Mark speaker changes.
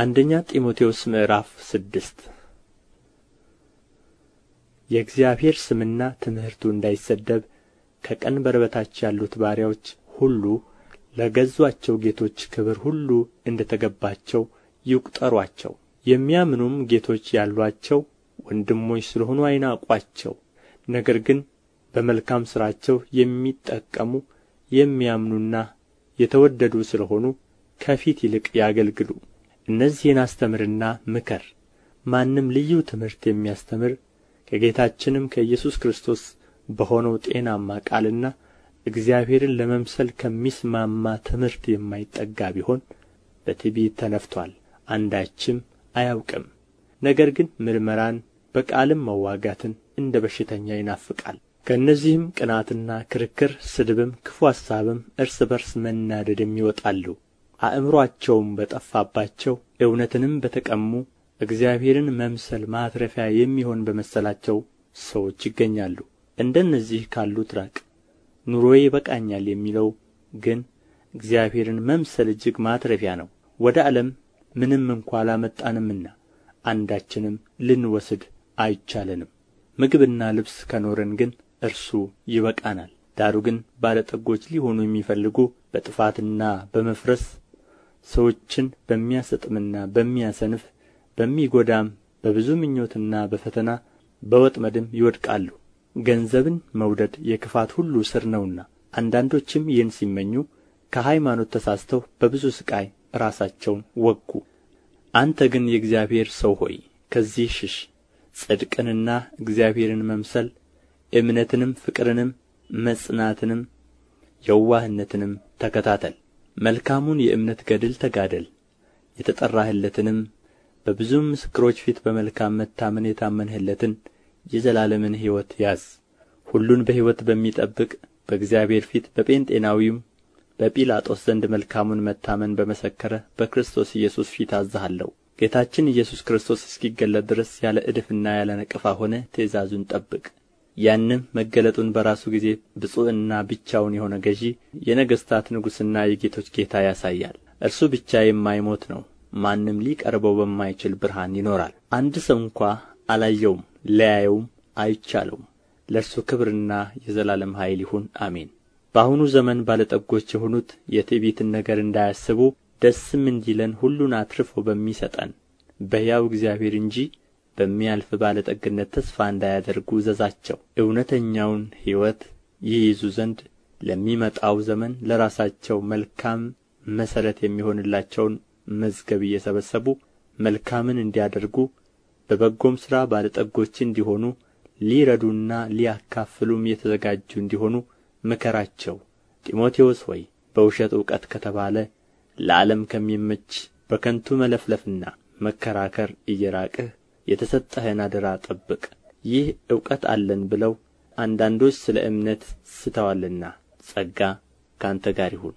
Speaker 1: አንደኛ ጢሞቴዎስ ምዕራፍ ስድስት የእግዚአብሔር ስምና ትምህርቱ እንዳይሰደብ ከቀንበር በታች ያሉት ባሪያዎች ሁሉ ለገዟቸው ጌቶች ክብር ሁሉ እንደ ተገባቸው ይቁጠሯቸው። የሚያምኑም ጌቶች ያሏቸው ወንድሞች ስለሆኑ አይናቋቸው። ነገር ግን በመልካም ሥራቸው የሚጠቀሙ የሚያምኑና የተወደዱ ስለሆኑ ከፊት ይልቅ ያገልግሉ። እነዚህን አስተምርና ምከር ማንም ልዩ ትምህርት የሚያስተምር ከጌታችንም ከኢየሱስ ክርስቶስ በሆነው ጤናማ ቃልና እግዚአብሔርን ለመምሰል ከሚስማማ ትምህርት የማይጠጋ ቢሆን በትዕቢት ተነፍቷል አንዳችም አያውቅም ነገር ግን ምርመራን በቃልም መዋጋትን እንደ በሽተኛ ይናፍቃል ከእነዚህም ቅናትና ክርክር ስድብም ክፉ ሐሳብም እርስ በርስ መናደድም ይወጣሉ አእምሮአቸውም በጠፋባቸው እውነትንም በተቀሙ እግዚአብሔርን መምሰል ማትረፊያ የሚሆን በመሰላቸው ሰዎች ይገኛሉ እንደነዚህ ካሉት ራቅ ኑሮዬ ይበቃኛል የሚለው ግን እግዚአብሔርን መምሰል እጅግ ማትረፊያ ነው ወደ ዓለም ምንም እንኳ አላመጣንምና አንዳችንም ልንወስድ አይቻለንም ምግብና ልብስ ከኖረን ግን እርሱ ይበቃናል ዳሩ ግን ባለጠጎች ሊሆኑ የሚፈልጉ በጥፋትና በመፍረስ ሰዎችን በሚያሰጥምና በሚያሰንፍ በሚጎዳም በብዙ ምኞትና በፈተና በወጥመድም ይወድቃሉ ገንዘብን መውደድ የክፋት ሁሉ ስር ነውና አንዳንዶችም ይህን ሲመኙ ከሃይማኖት ተሳስተው በብዙ ሥቃይ ራሳቸውን ወጉ። አንተ ግን የእግዚአብሔር ሰው ሆይ ከዚህ ሽሽ፣ ጽድቅንና እግዚአብሔርን መምሰል፣ እምነትንም ፍቅርንም መጽናትንም የዋህነትንም ተከታተል። መልካሙን የእምነት ገድል ተጋደል የተጠራህለትንም በብዙም ምስክሮች ፊት በመልካም መታመን የታመንህለትን የዘላለምን ሕይወት ያዝ። ሁሉን በሕይወት በሚጠብቅ በእግዚአብሔር ፊት በጴንጤናዊውም በጲላጦስ ዘንድ መልካሙን መታመን በመሰከረ በክርስቶስ ኢየሱስ ፊት አዝሃለሁ። ጌታችን ኢየሱስ ክርስቶስ እስኪገለጥ ድረስ ያለ እድፍና ያለ ነቀፋ ሆነ ትእዛዙን ጠብቅ። ያንም መገለጡን በራሱ ጊዜ ብፁዕና ብቻውን የሆነ ገዢ የነገሥታት ንጉሥና የጌቶች ጌታ ያሳያል እርሱ ብቻ የማይሞት ነው ማንም ሊቀርበው በማይችል ብርሃን ይኖራል አንድ ሰው እንኳ አላየውም ሊያየውም አይቻለውም ለእርሱ ክብርና የዘላለም ኃይል ይሁን አሜን በአሁኑ ዘመን ባለጠጎች የሆኑት የትዕቢትን ነገር እንዳያስቡ ደስም እንዲለን ሁሉን አትርፎ በሚሰጠን በሕያው እግዚአብሔር እንጂ በሚያልፍ ባለ ጠግነት ተስፋ እንዳያደርጉ እዘዛቸው እውነተኛውን ሕይወት ይይዙ ዘንድ ለሚመጣው ዘመን ለራሳቸው መልካም መሠረት የሚሆንላቸውን መዝገብ እየሰበሰቡ መልካምን እንዲያደርጉ በበጎም ሥራ ባለ ጠጎች እንዲሆኑ ሊረዱና ሊያካፍሉም የተዘጋጁ እንዲሆኑ ምከራቸው። ጢሞቴዎስ ሆይ በውሸት እውቀት ከተባለ ለዓለም ከሚመች በከንቱ መለፍለፍና መከራከር እየራቅህ የተሰጠህን አደራ ጠብቅ ይህ እውቀት አለን ብለው አንዳንዶች ስለ እምነት ስተዋልና ጸጋ ከአንተ ጋር ይሁን